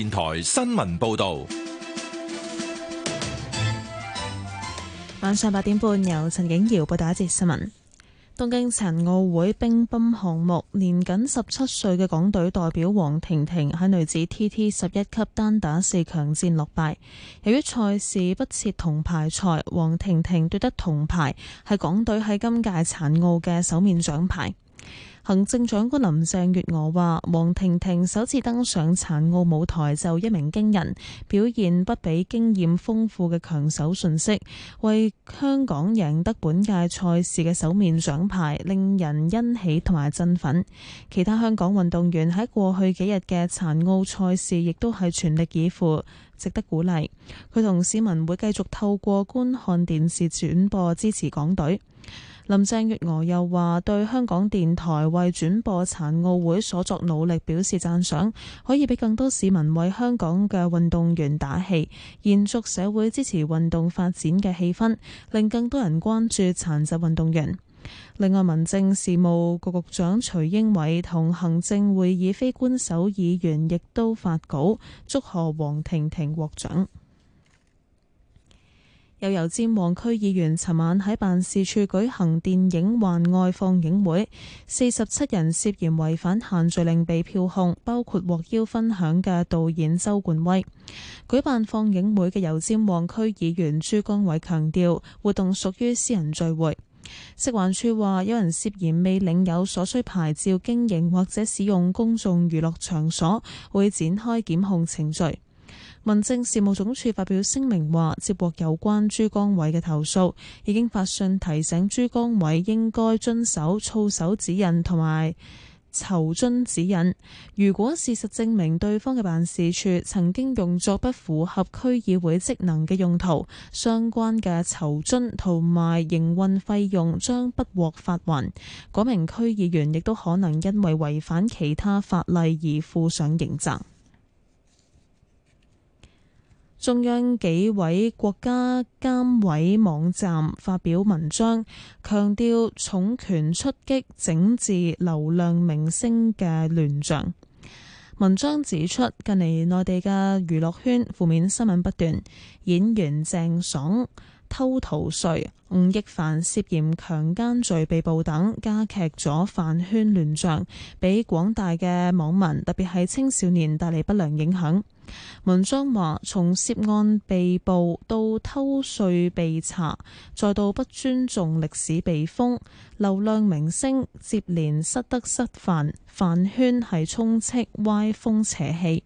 電台新聞報道：晚上八點半，由陳景瑤播報一節新聞。東京殘奧會乒乓項目，年僅十七歲嘅港隊代表王婷莛喺女子 TT 十一級單打四強戰落敗。由於賽事不設銅牌賽，王婷莛奪得銅牌，係港隊喺今屆殘奧嘅首面獎牌。行政長官林鄭月娥話：黃婷婷首次登上殘奧舞台就一鳴驚人，表現不比經驗豐富嘅強手遜色，為香港贏得本屆賽事嘅首面獎牌，令人欣喜同埋振奮。其他香港運動員喺過去幾日嘅殘奧賽事亦都係全力以赴，值得鼓勵。佢同市民會繼續透過觀看電視轉播支持港隊。林鄭月娥又話對香港電台為轉播殘奧會所作努力表示讚賞，可以俾更多市民為香港嘅運動員打氣，延續社會支持運動發展嘅氣氛，令更多人關注殘疾運動員。另外，民政事務局局長徐英偉同行政會議非官守議員亦都發稿，祝賀黃婷婷獲獎。有油尖旺區議員尋晚喺辦事處舉行電影幻愛放映會，四十七人涉嫌違反限聚令被票控，包括獲邀分享嘅導演周冠威。舉辦放映會嘅油尖旺區議員朱江偉強調，活動屬於私人聚會。食環署話，有人涉嫌未領有所需牌照經營或者使用公眾娛樂場所，會展開檢控程序。民政事務總署發表聲明話，接獲有關朱光偉嘅投訴，已經發信提醒朱光偉應該遵守操守指引同埋酬津指引。如果事實證明對方嘅辦事處曾經用作不符合區議會職能嘅用途，相關嘅酬津同埋營運費用將不獲發還。嗰名區議員亦都可能因為違反其他法例而負上刑責。中央紀委國家監委網站發表文章，強調重拳出擊整治流量明星嘅亂象。文章指出，近嚟內地嘅娛樂圈負面新聞不斷，演員鄭爽。偷逃稅、吳亦凡涉嫌強姦罪被捕等，加劇咗飯圈亂象，俾廣大嘅網民，特別係青少年帶嚟不良影響。文章話：從涉案被捕到偷稅被查，再到不尊重歷史被封，流量明星接連失德失範，飯圈係充斥歪風邪氣。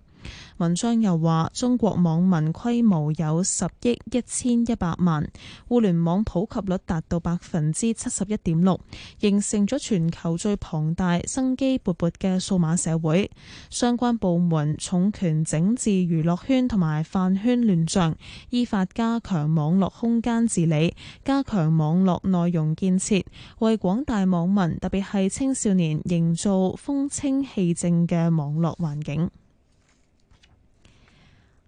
文章又話中國網民規模有十億一千一百萬互聯網普及率達到百分之七十一點六，形成咗全球最龐大、生機勃勃嘅數碼社會相關部門重拳整治娛樂圈同埋飯圈亂象，依法加強網絡空間治理，加強網絡內容建設，為廣大網民特別係青少年營造風清氣正嘅網絡環境。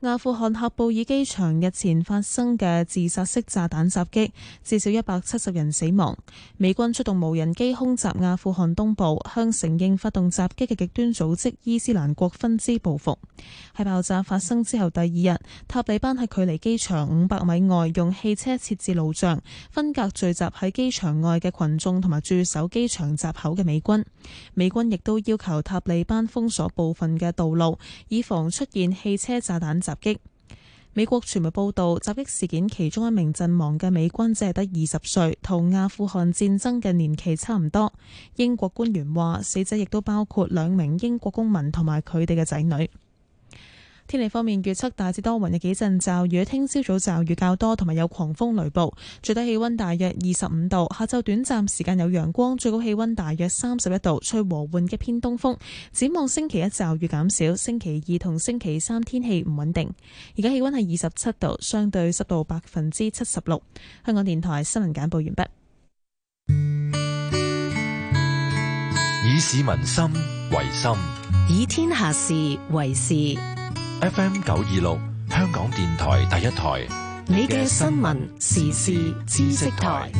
阿富汗喀布爾機場日前發生嘅自殺式炸彈襲擊，至少一百七十人死亡。美軍出動無人機空襲阿富汗東部，向承認發動襲擊嘅極端組織伊斯蘭國分支報復。喺爆炸發生之後第二日，塔利班喺距離機場五百米外用汽車設置路障，分隔聚集喺機場外嘅群眾同埋駐守機場閘口嘅美軍。美軍亦都要求塔利班封鎖部分嘅道路，以防出現汽車炸彈襲擊。美國傳媒報道襲擊事件，其中一名陣亡嘅美軍只係得二十歲，同阿富汗戰爭嘅年期差唔多。英國官員話，死者亦都包括兩名英國公民同埋佢哋嘅仔女。天氣方面，預測大致多雲，有幾陣驟雨。聽朝早驟雨較多，同埋有狂風雷暴。最低氣溫大約二十五度，下晝短暫時間有陽光，最高氣溫大約三十一度，吹和緩嘅偏東風。展望星期一驟雨減少，星期二同星期三天氣唔穩定。而家氣溫係二十七度，相對濕度百分之七十六。香港電台新聞簡報完畢。以市民心為心，以天下事為事。F M 九二六，26，香港電台第一台，你嘅新聞時事知識台。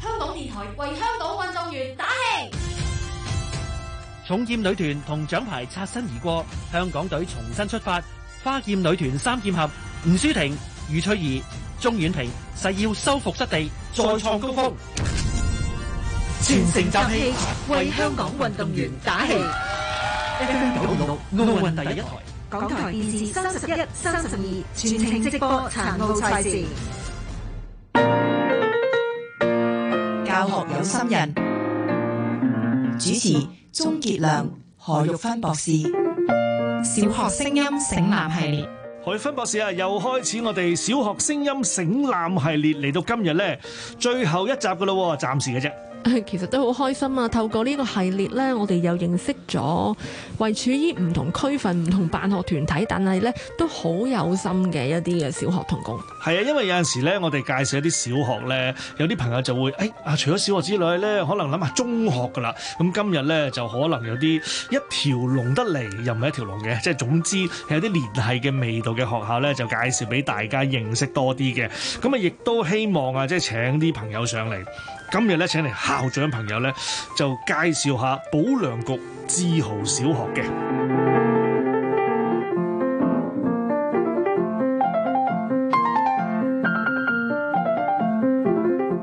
香港電台為香港運動員打氣。重劍女團同獎牌擦身而過，香港隊重新出發。花劍女團三劍俠吳舒婷、余翠怡、鍾婉婷誓要收復失地，再創高峰。全城集氣為香港運動員打氣。FM 九六奧運第一台，港台電視三十一、三十二全程直播殘奧賽事。教學有心人，主持鍾傑良、何玉芬博士。小學聲音省覽系列，何玉芬博士啊，又開始我哋小學聲音省覽系列嚟到今日咧，最後一集噶咯，暫時嘅啫。其實都好開心啊！透過呢個系列呢，我哋又認識咗位處於唔同區份、唔同辦學團體，但係呢都好有心嘅一啲嘅小學同工。係啊，因為有陣時呢我哋介紹一啲小學呢，有啲朋友就會誒啊、哎，除咗小學之類呢，可能諗下中學噶啦。咁今日呢，就可能有啲一條龍得嚟，又唔係一條龍嘅，即係總之係有啲聯繫嘅味道嘅學校呢，就介紹俾大家認識多啲嘅。咁啊，亦都希望啊，即係請啲朋友上嚟。今日咧，請嚟校長朋友咧，就介紹下保良局志豪小學嘅。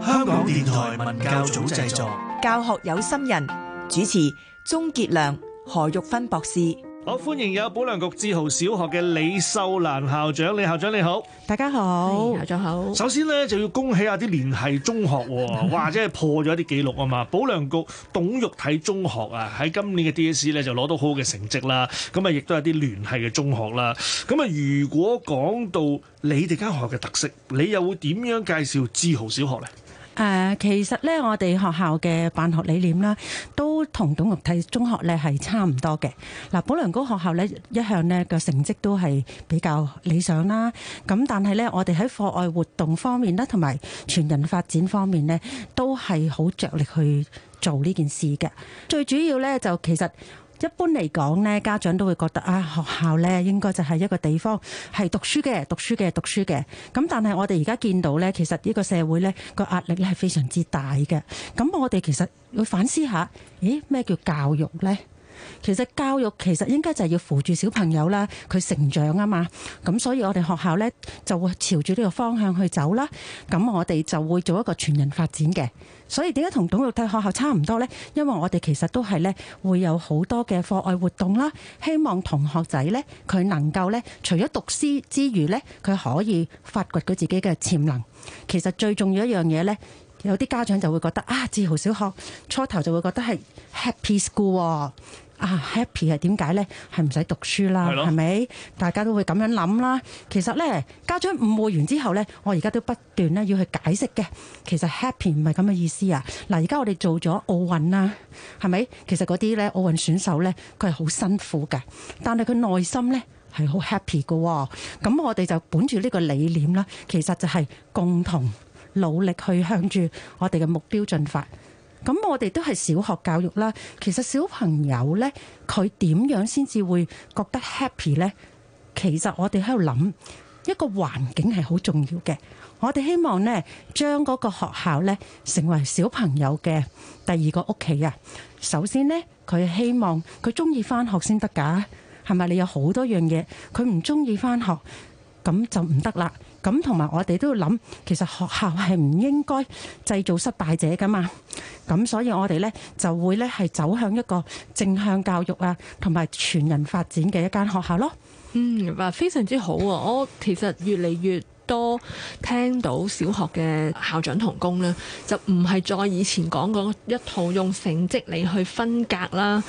香港電台文教組製作，教學有心人主持，鍾傑良、何玉芬博士。好，歡迎有保良局志豪小學嘅李秀蘭校長，李校長你好，大家好，校長好。首先咧就要恭喜下啲聯繫中學， 或者係破咗一啲記錄啊嘛。保良局董玉娣中學啊，喺今年嘅 DSE 咧就攞到好好嘅成績啦。咁啊，亦都係啲聯繫嘅中學啦。咁啊，如果講到你哋間學校嘅特色，你又會點樣介紹志豪小學咧？誒、呃，其實咧，我哋學校嘅辦學理念啦，都同董玉娣中學咧係差唔多嘅。嗱，保良局學校咧一向呢個成績都係比較理想啦。咁但係咧，我哋喺課外活動方面啦，同埋全人發展方面呢，都係好着力去做呢件事嘅。最主要咧，就其實。一般嚟講咧，家長都會覺得啊，學校咧應該就係一個地方係讀書嘅、讀書嘅、讀書嘅。咁但係我哋而家見到咧，其實呢個社會咧個壓力咧係非常之大嘅。咁我哋其實要反思下，咦咩叫教育咧？其實教育其實應該就係要扶住小朋友啦，佢成長啊嘛。咁所以我哋學校呢就會朝住呢個方向去走啦。咁我哋就會做一個全人發展嘅。所以點解同董育體學校差唔多呢？因為我哋其實都係呢會有好多嘅課外活動啦。希望同學仔呢佢能夠呢除咗讀書之餘呢，佢可以發掘佢自己嘅潛能。其實最重要的一樣嘢呢，有啲家長就會覺得啊，志豪小學初頭就會覺得係 Happy School 哦。啊，happy 係點解呢？係唔使讀書啦，係咪的？大家都會咁樣諗啦。其實呢，家長誤會完之後呢，我而家都不斷呢要去解釋嘅。其實 happy 唔係咁嘅意思啊。嗱，而家我哋做咗奧運啦，係咪？其實嗰啲呢奧運選手呢，佢係好辛苦嘅，但係佢內心呢，係好 happy 嘅。咁我哋就本住呢個理念啦，其實就係共同努力去向住我哋嘅目標進發。咁我哋都係小學教育啦，其實小朋友呢，佢點樣先至會覺得 happy 呢？其實我哋喺度諗一個環境係好重要嘅，我哋希望呢，將嗰個學校呢成為小朋友嘅第二個屋企啊！首先呢，佢希望佢中意翻學先得㗎，係咪？你有好多樣嘢佢唔中意翻學，咁就唔得啦。咁同埋我哋都要諗，其實學校係唔應該製造失敗者噶嘛。咁所以我哋呢就會呢係走向一個正向教育啊，同埋全人發展嘅一間學校咯。嗯，非常之好啊！我其實越嚟越多聽到小學嘅校長同工咧，就唔係再以前講過一套用成績嚟去分隔啦、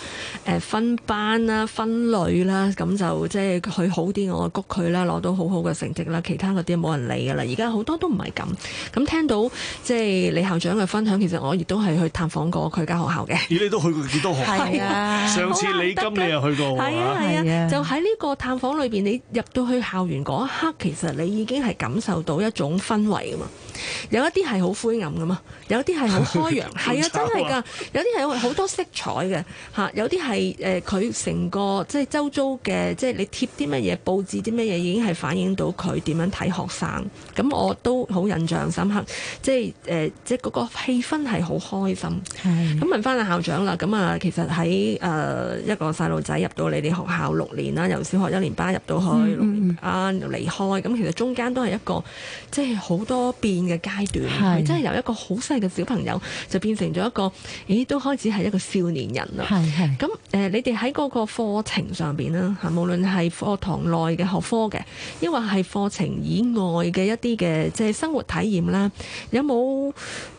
誒分班啦、分類啦，咁就即係佢好啲，我谷佢啦，攞到好好嘅成績啦，其他嗰啲冇人理噶啦。而家好多都唔係咁。咁聽到即係李校長嘅分享，其實我亦都係去探訪過佢間學校嘅。咦，你都去過幾多學校？係啊，上次李金你又去過，係啊係啊。啊啊就喺呢個探訪裏邊，你入到去校園嗰一刻，其實你已經係。感受到一種氛圍㗎嘛～有一啲係好灰暗噶嘛，有啲係好開揚，係啊， 真係噶，有啲係好多色彩嘅嚇，有啲係誒佢成個即係周遭嘅，即係你貼啲乜嘢佈置啲乜嘢，已經係反映到佢點樣睇學生。咁我都好印象深刻，即係誒、呃，即係嗰個氣氛係好開心。係咁的問翻阿校長啦。咁啊，其實喺誒、呃、一個細路仔入到你哋學校六年啦，由小學一年班入到去六年班、嗯嗯啊、離開，咁其實中間都係一個即係好多變。嘅階段，真係由一個好細嘅小朋友就變成咗一個，咦，都開始係一個少年人啦。係係。咁誒，你哋喺嗰個課程上邊啦，嚇，無論係課堂內嘅學科嘅，亦或係課程以外嘅一啲嘅即係生活體驗啦，有冇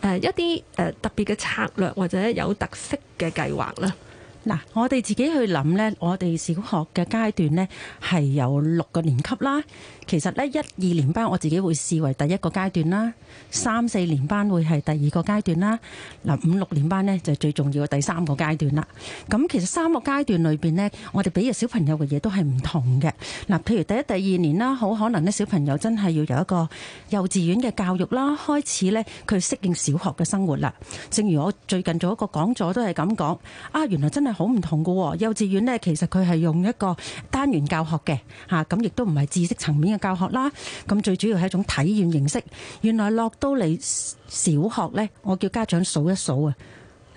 誒一啲誒特別嘅策略或者有特色嘅計劃咧？嗱，我哋自己去諗呢，我哋小學嘅階段呢，係有六個年級啦。其實咧，一二年班我自己會視為第一個階段啦，三四年班會係第二個階段啦。嗱，五六年班呢就係最重要嘅第三個階段啦。咁其實三個階段裏邊呢，我哋俾嘅小朋友嘅嘢都係唔同嘅。嗱，譬如第一、第二年啦，好可能呢小朋友真係要有一個幼稚園嘅教育啦，開始呢，佢適應小學嘅生活啦。正如我最近做一個講座都係咁講，啊，原來真係好唔同㗎喎。幼稚園呢，其實佢係用一個單元教學嘅，嚇咁亦都唔係知識層面。教學啦，咁最主要係一種體驗形式。原來落到嚟小學咧，我叫家長數一數啊。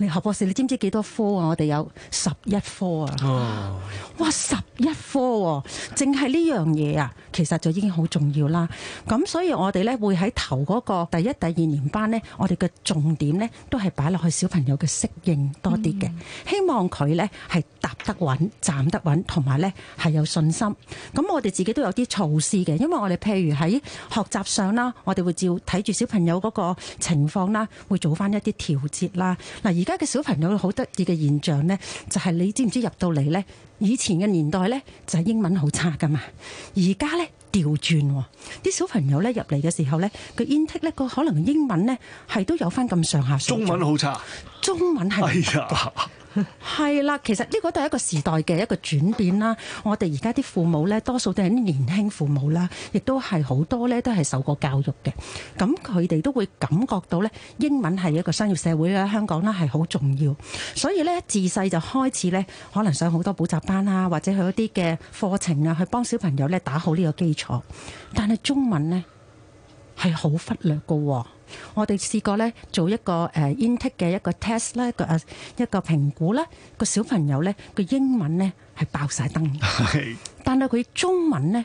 你學博士，你知唔知幾多科啊？我哋有十一科啊！Oh. 哇，十一科喎，淨係呢樣嘢啊，其實就已經好重要啦。咁所以，我哋咧會喺頭嗰個第一、第二年班呢，我哋嘅重點呢，都係擺落去小朋友嘅適應多啲嘅，mm. 希望佢呢，係踏得穩、站得穩，同埋呢，係有信心。咁我哋自己都有啲措施嘅，因為我哋譬如喺學習上啦，我哋會照睇住小朋友嗰個情況啦，會做翻一啲調節啦。嗱而家嘅小朋友好得意嘅現象呢，就是，就係你知唔知入到嚟呢？以前嘅年代呢，就係英文好差噶嘛，而家呢，調轉喎，啲小朋友呢，入嚟嘅時候呢，個 intake 呢個可能英文呢，係都有翻咁上下。中文好差，中文係。哎呀係啦，其實呢個都係一個時代嘅一個轉變啦。我哋而家啲父母呢，多數都係啲年輕父母啦，亦都係好多呢，都係受過教育嘅。咁佢哋都會感覺到呢，英文係一個商業社會咧，香港啦，係好重要。所以呢，自細就開始呢，可能上好多補習班啊，或者去一啲嘅課程啊，去幫小朋友呢打好呢個基礎。但係中文呢。係好忽略㗎、哦，我哋試過咧做一個、uh, intake 嘅一個 test 一個，uh, 一個評估咧，呢個小朋友咧個英文咧係爆曬燈的，是但係佢中文呢。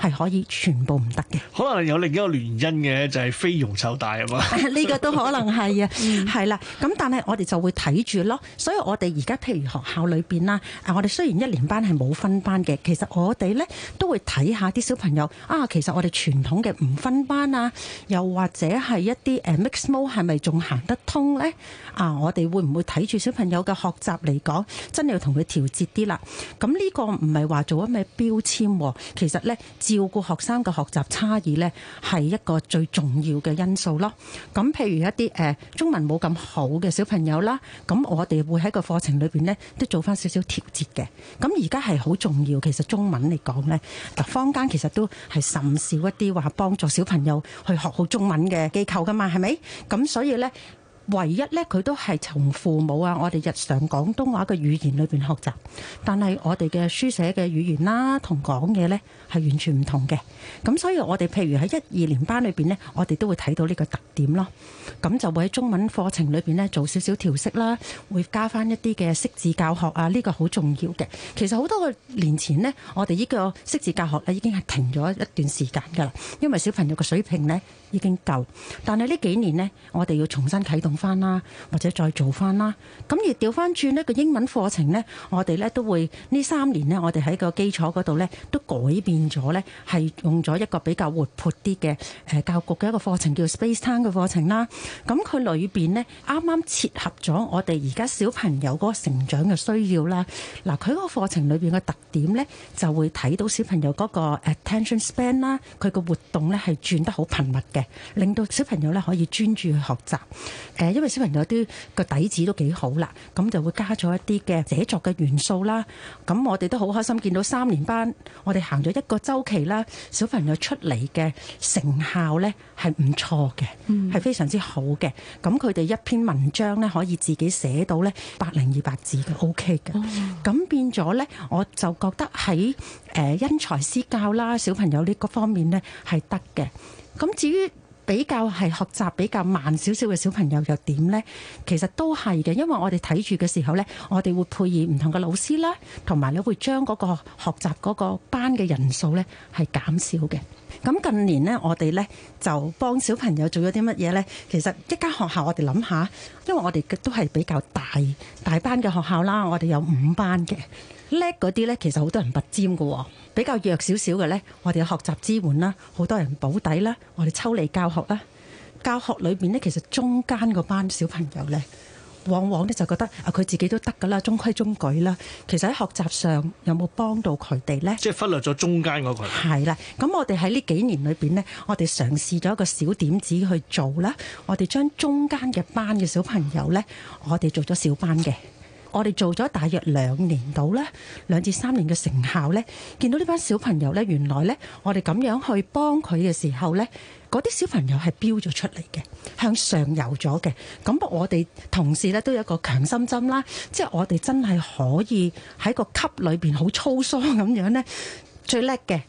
係可以全部唔得嘅，可能有另一個原因嘅，就係、是、非容受大 啊嘛。呢、這個都可能係啊，係啦。 咁但係我哋就會睇住咯。所以我哋而家譬如學校裏邊啦，我哋雖然一年班係冇分班嘅，其實我哋咧都會睇下啲小朋友啊。其實我哋傳統嘅唔分班啊，又或者係一啲誒 mixed mode 係咪仲行得通咧？啊，我哋會唔會睇住小朋友嘅學習嚟講，真係要同佢調節啲啦？咁、啊、呢、這個唔係話做一咩標籤、啊，其實咧。照顧學生嘅學習差異呢，係一個最重要嘅因素咯。咁譬如一啲誒中文冇咁好嘅小朋友啦，咁我哋會喺個課程裏邊呢都做返少少調節嘅。咁而家係好重要，其實中文嚟講呢，嗱坊間其實都係甚少一啲話幫助小朋友去學好中文嘅機構噶嘛，係咪？咁所以呢。唯一咧，佢都係從父母啊，我哋日常廣東話嘅語言裏邊學習，但係我哋嘅書寫嘅語言啦、啊，同講嘢咧係完全唔同嘅。咁所以我，我哋譬如喺一二年班裏邊咧，我哋都會睇到呢個特點咯。咁就會喺中文課程裏邊咧做少少調適啦，會加翻一啲嘅識字教學啊，呢、這個好重要嘅。其實好多個年前咧，我哋呢個識字教學咧已經係停咗一段時間㗎啦，因為小朋友嘅水平咧已經夠，但係呢幾年咧，我哋要重新啟動翻啦，或者再做翻啦。咁而調翻轉呢個英文課程呢，我哋呢都會呢三年呢，我哋喺個基礎嗰度呢，都改變咗呢，係用咗一個比較活潑啲嘅誒教育局嘅一個課程叫 Space Time 嘅課程啦。咁佢裏邊呢，啱啱切合咗我哋而家小朋友嗰個成長嘅需要啦。嗱，佢個課程裏邊嘅特點呢，就會睇到小朋友嗰個 attention span 啦。佢個活動呢，係轉得好頻密嘅，令到小朋友呢可以專注去學習。因為小朋友啲個底子都幾好啦，咁就會加咗一啲嘅寫作嘅元素啦。咁我哋都好開心見到三年班，我哋行咗一個週期啦，小朋友出嚟嘅成效咧係唔錯嘅，係、嗯、非常之好嘅。咁佢哋一篇文章咧可以自己寫到咧百零二百字嘅，OK 嘅。咁、哦、變咗咧，我就覺得喺誒因材施教啦，小朋友呢個方面咧係得嘅。咁至於，比較係學習比較慢少少嘅小朋友又點呢？其實都係嘅，因為我哋睇住嘅時候呢，我哋會配以唔同嘅老師啦，同埋你會將嗰個學習嗰個班嘅人數呢係減少嘅。咁近年呢，我哋呢就幫小朋友做咗啲乜嘢呢？其實一間學校，我哋諗下，因為我哋都係比較大大班嘅學校啦，我哋有五班嘅叻嗰啲呢，其實好多人拔尖嘅喎、喔，比較弱少少嘅呢。我哋有學習支援啦，好多人補底啦，我哋抽離教學啦，教學裏面呢，其實中間嗰班小朋友呢，往往咧就覺得啊，佢自己都得噶啦，中規中矩啦。其實喺學習上有冇幫到佢哋呢？即係忽略咗中間嗰個。係啦，咁我哋喺呢幾年裏邊呢，我哋嘗試咗一個小點子去做啦。我哋將中間嘅班嘅小朋友呢，我哋做咗小班嘅。我哋做咗大約兩年到呢，兩至三年嘅成效呢，見到呢班小朋友呢，原來呢，我哋咁樣去幫佢嘅時候呢，嗰啲小朋友係標咗出嚟嘅，向上游咗嘅。咁我哋同事呢都有一個強心針啦，即係我哋真係可以喺個級裏邊好粗疏咁樣呢，最叻嘅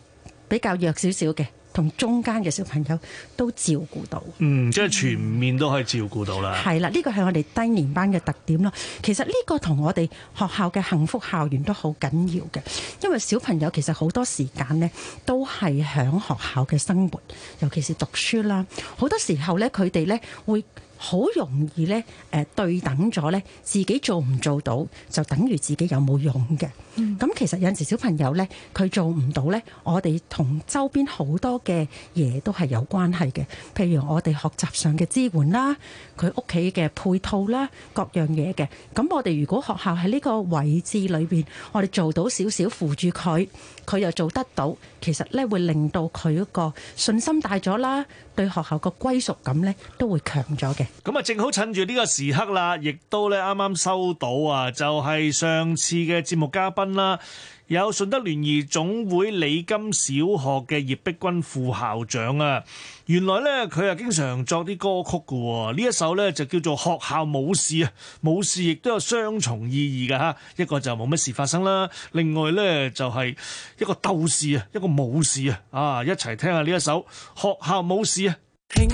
比較弱少少嘅。同中間嘅小朋友都照顧到，嗯，即係全面都可以照顧到啦。係啦，呢個係我哋低年班嘅特點咯。其實呢個同我哋學校嘅幸福校園都好緊要嘅，因為小朋友其實好多時間呢都係喺學校嘅生活，尤其是讀書啦。好多時候呢，佢哋呢會，好容易咧，誒對等咗咧，自己做唔做到就等於自己有冇用嘅。咁、mm. 其實有陣時小朋友咧，佢做唔到咧，我哋同周邊好多嘅嘢都係有關係嘅。譬如我哋學習上嘅支援啦，佢屋企嘅配套啦，各樣嘢嘅。咁我哋如果學校喺呢個位置裏邊，我哋做到少少扶住佢，佢又做得到，其實咧會令到佢個信心大咗啦，對學校個歸屬感咧都會強咗嘅。咁啊，正好趁住呢個時刻啦，亦都咧啱啱收到啊，就係上次嘅節目嘉賓啦，有順德聯誼總會李金小學嘅葉碧君副校長啊。原來咧佢啊經常作啲歌曲噶，呢一首咧就叫做《學校冇事》啊，冇事亦都有雙重意義噶吓，一個就冇乜事發生啦，另外咧就係一個鬥士啊，一個武士啊，啊，一齊聽下呢一首《學校冇事》啊。聽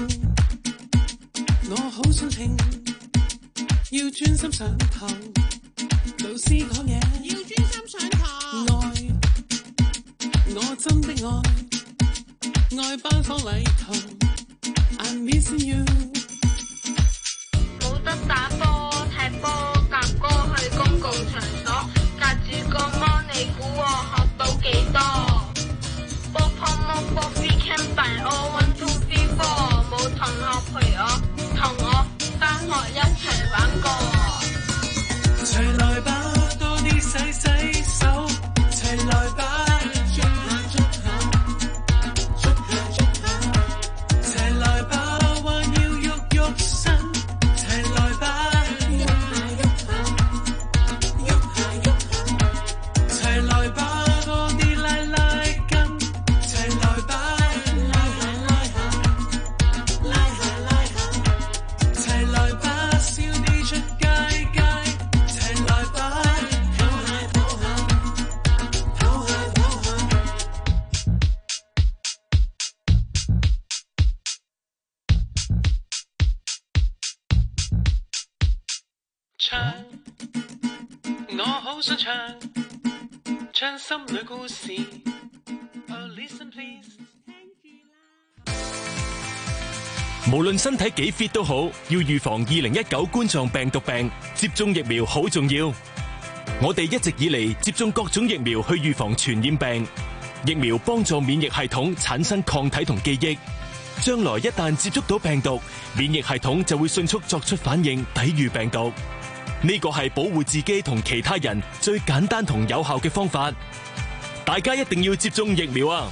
我好想聽，要專心上堂。老師講嘢，要專心上堂。愛，我真的愛，愛班房禮堂。I miss you。唱唱心裏故事。聽住啦。無論身體幾 fit 都好，要預防二零一九冠狀病毒病，接種疫苗好重要。我哋一直以嚟接種各種疫苗去預防傳染病，疫苗幫助免疫系統產生抗體同記憶，將來一旦接觸到病毒，免疫系統就會迅速作出反應，抵禦病毒。呢個係保護自己同其他人最簡單同有效嘅方法，大家一定要接種疫苗啊！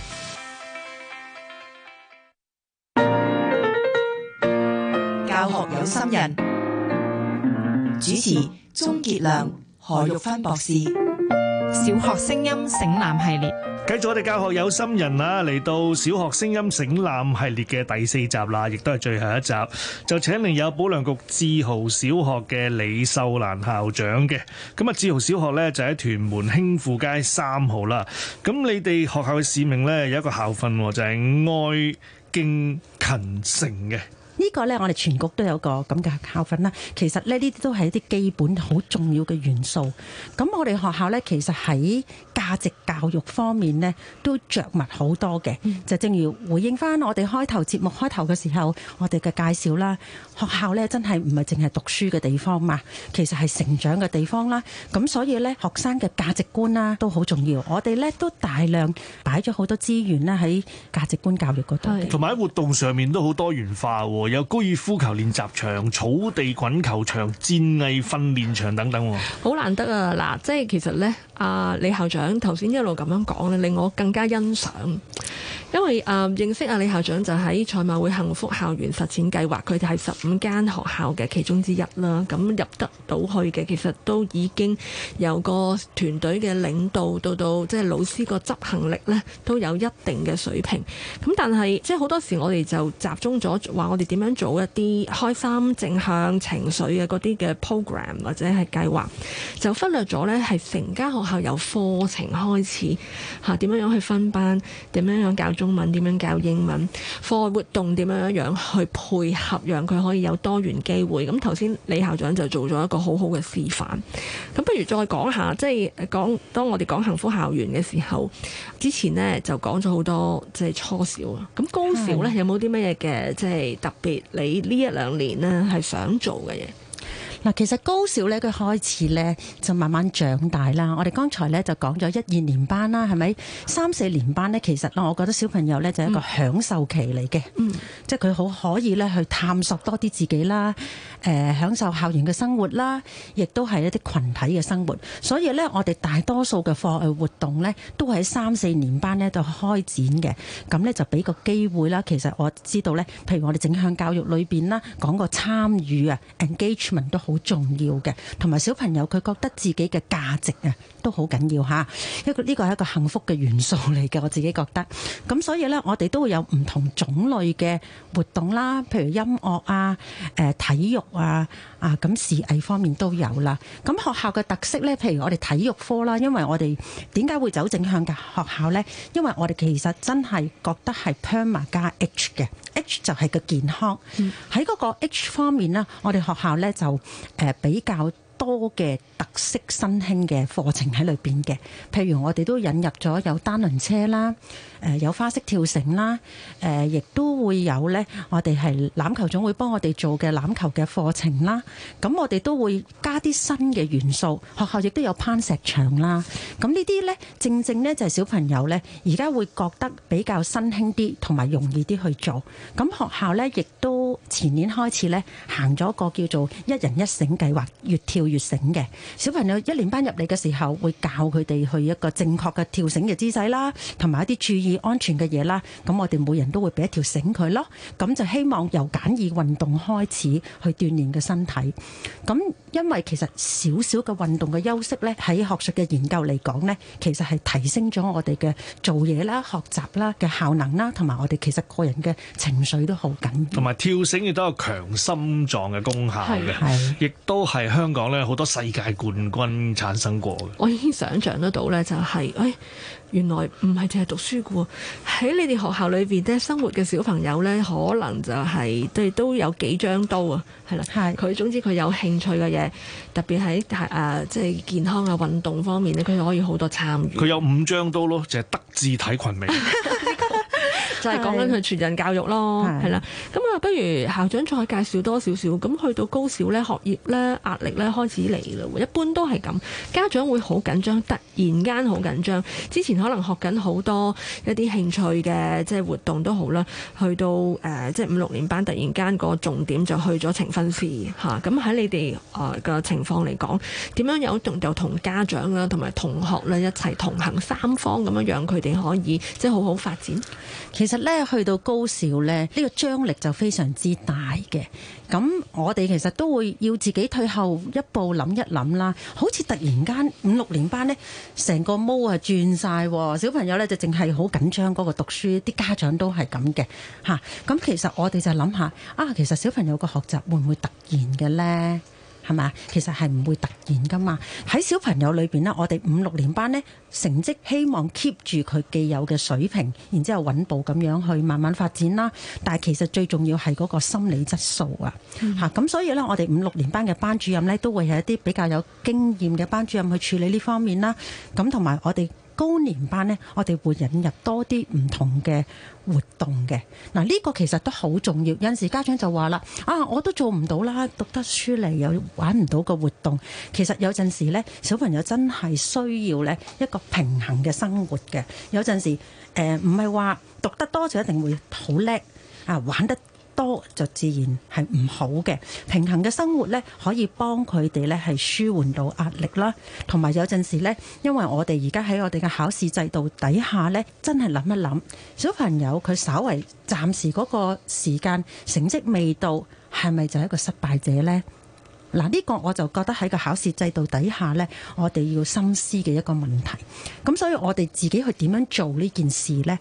教學有心人，主持鍾杰良、何玉芬博士，小學聲音省覽系列。繼續我哋教學有心人啊，嚟到小學聲音省覽系列嘅第四集啦，亦都係最後一集，就請嚟有保良局志豪小學嘅李秀蘭校長嘅。咁啊，志豪小學咧就喺屯門興富街三號啦。咁你哋學校嘅使命咧有一個校訓，就係愛敬勤誠嘅。呢個呢，我哋全局都有個咁嘅校訓啦。其實呢呢啲都係一啲基本好重要嘅元素。咁我哋學校呢，其實喺價值教育方面呢，都着墨好多嘅。就正如回應翻我哋開頭節目開頭嘅時候，我哋嘅介紹啦，學校呢，真係唔係淨係讀書嘅地方嘛，其實係成長嘅地方啦。咁所以呢，學生嘅價值觀啦都好重要。我哋呢，都大量擺咗好多資源啦，喺價值觀教育嗰度，同埋喺活動上面都好多元化喎。有高爾夫球練習場、草地滾球場、戰藝訓練場等等，好難得啊！嗱，即係其實呢，阿李校長頭先一路咁樣講咧，令我更加欣賞。因為誒、嗯、認識阿李校長就喺賽馬會幸福校園實踐計劃，佢哋係十五間學校嘅其中之一啦。咁入得到去嘅，其實都已經由個團隊嘅領導,導到到即係老師個執行力呢都有一定嘅水平。咁但係即係好多時我哋就集中咗話我哋點樣做一啲開心正向情緒嘅嗰啲嘅 program 或者係計劃，就忽略咗呢係成間學校由課程開始嚇點樣樣去分班，點樣樣教。中文點樣教英文，課外活動點樣一樣去配合，讓佢可以有多元機會。咁頭先李校長就做咗一個好好嘅示範。咁不如再講下，即係講當我哋講幸福校園嘅時候，之前呢就講咗好多即係初小啊。咁高小呢，有冇啲乜嘢嘅即係特別？你呢一兩年呢係想做嘅嘢？嗱，其實高小咧，佢開始咧就慢慢長大啦。我哋剛才咧就講咗一二年班啦，係咪？三四年班咧，其實我覺得小朋友咧就係一個享受期嚟嘅，嗯、即係佢好可以咧去探索多啲自己啦，誒、呃、享受校園嘅生活啦，亦都係一啲群體嘅生活。所以咧，我哋大多數嘅課外活動咧，都喺三四年班咧度開展嘅。咁咧就俾個機會啦。其實我知道咧，譬如我哋整向教育裏邊啦，講個參與啊，engagement 都好。好重要嘅，同埋小朋友佢覺得自己嘅價值啊。都好緊要嚇，一個呢個係一個幸福嘅元素嚟嘅，我自己覺得。咁所以呢，我哋都會有唔同種類嘅活動啦，譬如音樂啊、誒、呃、體育啊、啊咁視藝方面都有啦。咁學校嘅特色呢，譬如我哋體育科啦，因為我哋點解會走正向嘅學校呢？因為我哋其實真係覺得係 perma 加 H 嘅，嗯，H 就係個健康。喺嗰個 H 方面呢，我哋學校呢就誒比較多嘅特色新興嘅課程喺裏邊嘅，譬如我哋都引入咗有單輪車啦，誒有花式跳繩啦，誒亦都會有咧，我哋係欖球總會幫我哋做嘅欖球嘅課程啦。咁我哋都會加啲新嘅元素，學校亦都有攀石場啦。咁呢啲咧，正正咧就係小朋友咧而家會覺得比較新興啲同埋容易啲去做。咁學校咧亦都前年開始咧行咗個叫做一人一繩計劃越跳越。越繩嘅小朋友一年班入嚟嘅時候，會教佢哋去一個正確嘅跳繩嘅姿勢啦，同埋一啲注意安全嘅嘢啦。咁我哋每人都會俾一條繩佢咯。咁就希望由簡易運動開始去鍛煉個身體。咁因為其實少少嘅運動嘅休息呢，喺學術嘅研究嚟講呢，其實係提升咗我哋嘅做嘢啦、學習啦嘅效能啦，同埋我哋其實個人嘅情緒都好緊要。同埋跳繩亦都有強心臟嘅功效嘅，亦是都係香港。咧好多世界冠軍產生過嘅，我已經想像得到咧、就是，就係誒原來唔係淨係讀書嘅喎，喺你哋學校裏邊咧生活嘅小朋友咧，可能就係、是、即係都有幾張刀啊，係啦，係佢是總之佢有興趣嘅嘢，特別喺係誒即係健康啊、運動方面咧，佢可以好多參與。佢有五張刀咯，就係、是、德智體群美。 就係講緊佢全人教育咯，係啦的。咁啊，不如校長再介紹多少少。咁去到高小咧，學業咧壓力咧開始嚟啦。一般都係咁，家長會好緊張，突然間好緊張。之前可能學緊好多一啲興趣嘅即係活動都好啦，去到誒即係五六年班，突然間個重點就去咗呈分試嚇。咁喺你哋啊嘅情況嚟講，點樣有同就同家長啦，同埋同學咧一齊同行三方咁樣，讓佢哋可以即係好好發展。其實。其實咧去到高小咧，呢個張力就非常之大嘅。咁我哋其實都會要自己退後一步諗一諗啦。好似突然間五六年班呢，成個毛啊轉晒，小朋友咧就淨係好緊張嗰個讀書，啲家長都係咁嘅。吓，咁其實我哋就諗下啊，其實小朋友個學習會唔會突然嘅咧？係嘛？其實係唔會突然噶嘛。喺小朋友裏邊呢，我哋五六年班呢，成績希望 keep 住佢既有嘅水平，然之後穩步咁樣去慢慢發展啦。但係其實最重要係嗰個心理質素啊。嚇、嗯！咁、啊、所以呢，我哋五六年班嘅班主任呢，都會係一啲比較有經驗嘅班主任去處理呢方面啦。咁同埋我哋，高年班呢，我哋會引入多啲唔同嘅活動嘅。嗱，呢個其實都好重要。有陣時家長就話啦：「啊，我都做唔到啦，讀得書嚟又玩唔到個活動。其實有陣時呢，小朋友真係需要呢一個平衡嘅生活嘅。有陣時誒，唔係話讀得多就一定會好叻啊，玩得多就自然係唔好嘅平衡嘅生活咧，可以幫佢哋咧，係舒緩到壓力啦。同埋有陣時咧，因為我哋而家喺我哋嘅考試制度底下咧，真係諗一諗小朋友佢稍為暫時嗰個時間成績未到，係咪就係一個失敗者咧？嗱，呢個我就覺得喺個考試制度底下咧，我哋要深思嘅一個問題，咁所以，我哋自己去點樣做呢件事咧？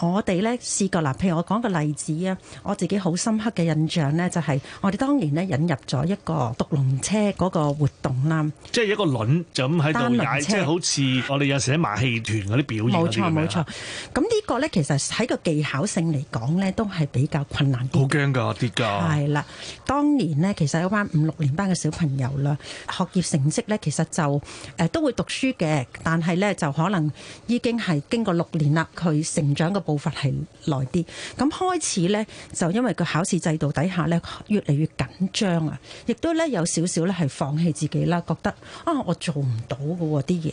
我哋咧試過嗱，譬如我講個例子啊，我自己好深刻嘅印象咧，就係我哋當年咧引入咗一個獨輪車嗰個活動啦，即係一個輪就咁喺度踩，即係好似我哋有時喺馬戲團嗰啲表演咁樣。冇錯冇錯，咁呢個咧其實喺個技巧性嚟講咧，都係比較困難啲。好驚㗎，跌㗎。係啦，當年咧其實一班五六年班嘅小朋友啦，學業成績咧其實就誒都會讀書嘅，但係咧就可能已經係經過六年啦，佢成長嘅步伐係耐啲，咁開始呢，就因為個考試制度底下呢，越嚟越緊張啊，亦都呢有少少呢係放棄自己啦，覺得啊我做唔到嘅啲嘢。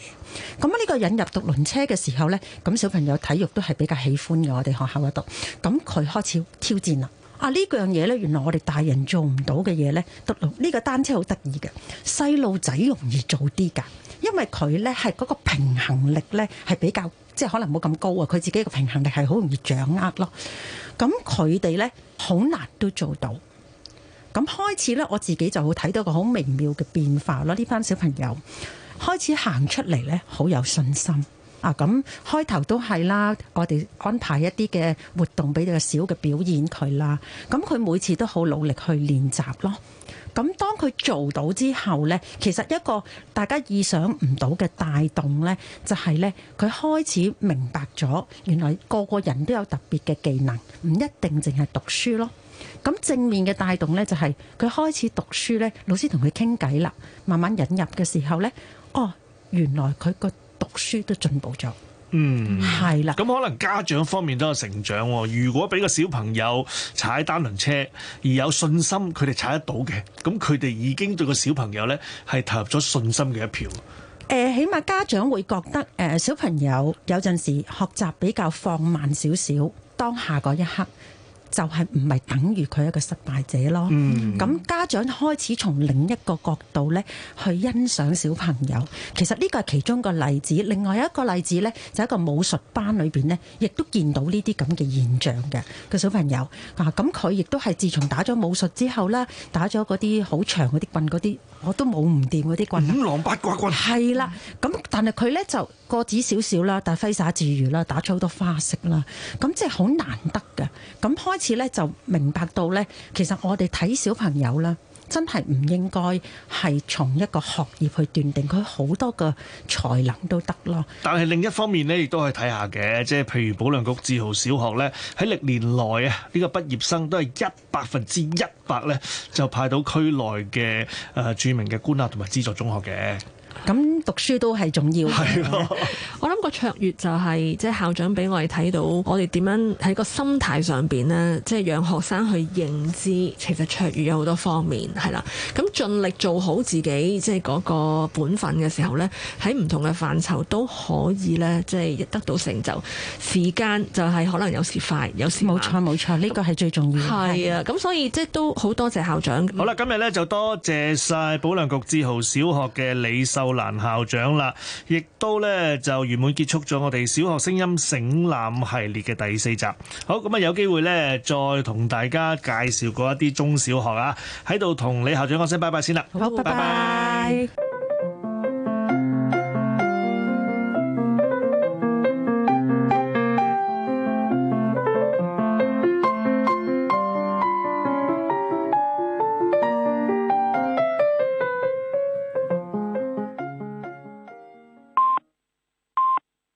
咁呢個引入獨輪車嘅時候呢，咁小朋友體育都係比較喜歡嘅，我哋學校嗰度。咁佢開始挑戰啦，啊呢個樣嘢呢，原來我哋大人做唔到嘅嘢呢。獨輪呢個單車好得意嘅，細路仔容易做啲㗎，因為佢呢係嗰個平衡力呢係比較。即係可能冇咁高啊！佢自己嘅平衡力係好容易掌握咯。咁佢哋咧好難都做到。咁開始咧，我自己就會睇到個好微妙嘅變化咯。呢班小朋友開始行出嚟咧，好有信心。啊，咁開頭都係啦，我哋安排一啲嘅活動俾佢小嘅表演佢啦。咁佢每次都好努力去練習咯。咁當佢做到之後呢，其實一個大家意想唔到嘅帶動呢，就係呢，佢開始明白咗，原來個個人都有特別嘅技能，唔一定淨係讀書咯。咁正面嘅帶動呢，就係佢開始讀書呢，老師同佢傾偈啦，慢慢引入嘅時候呢，哦，原來佢個。讀書都進步咗，嗯，係啦。咁可能家長方面都有成長喎。如果俾個小朋友踩單輪車而有信心，佢哋踩得到嘅，咁佢哋已經對個小朋友呢係投入咗信心嘅一票。誒，起碼家長會覺得，誒，小朋友有陣時學習比較放慢少少，當下嗰一刻。就係唔係等於佢一個失敗者咯？咁、mm hmm. 家長開始從另一個角度咧，去欣賞小朋友。其實呢個係其中一個例子。另外一個例子咧，就係、是、一個武術班裏面咧，亦都見到呢啲咁嘅現象嘅個小朋友。啊，咁佢亦都係自從打咗武術之後咧，打咗嗰啲好長嗰啲棍嗰啲。我都冇唔掂嗰啲棍，五郎八卦棍係喇。咁但係佢呢就個子少少啦，但係揮灑自如啦，打出好多花式啦。咁即係好難得㗎。咁開始呢就明白到呢，其實我哋睇小朋友啦。真係唔應該係從一個學業去斷定佢好多個才能都得咯。但係另一方面呢，亦都係睇下嘅，即係譬如保良局志豪小學呢，喺歷年內啊，呢個畢業生都係一百分之一百呢，就派到區內嘅、呃、著名嘅官立同埋資助中學嘅。咁讀書都係重要。係。我諗個卓越就係即係校長俾我哋睇到，我哋點樣喺個心態上面呢，即係讓學生去認知，其實卓越有好多方面係啦。咁盡力做好自己，即係嗰個本分嘅時候呢，喺唔同嘅範疇都可以呢，即係得到成就。時間就係可能有時快，有時慢。冇錯冇錯，呢個係最重要。係啊，咁所以即係都好多謝校長。好啦，今日呢就多謝晒保良局志豪小學嘅李秀。秀蘭校長啦，亦都咧就圓滿結束咗我哋小學聲音省覽系列嘅第四集。好，咁啊有機會咧再同大家介紹過一啲中小學啊，喺度同李校長講聲拜拜先啦。好，拜拜。拜拜。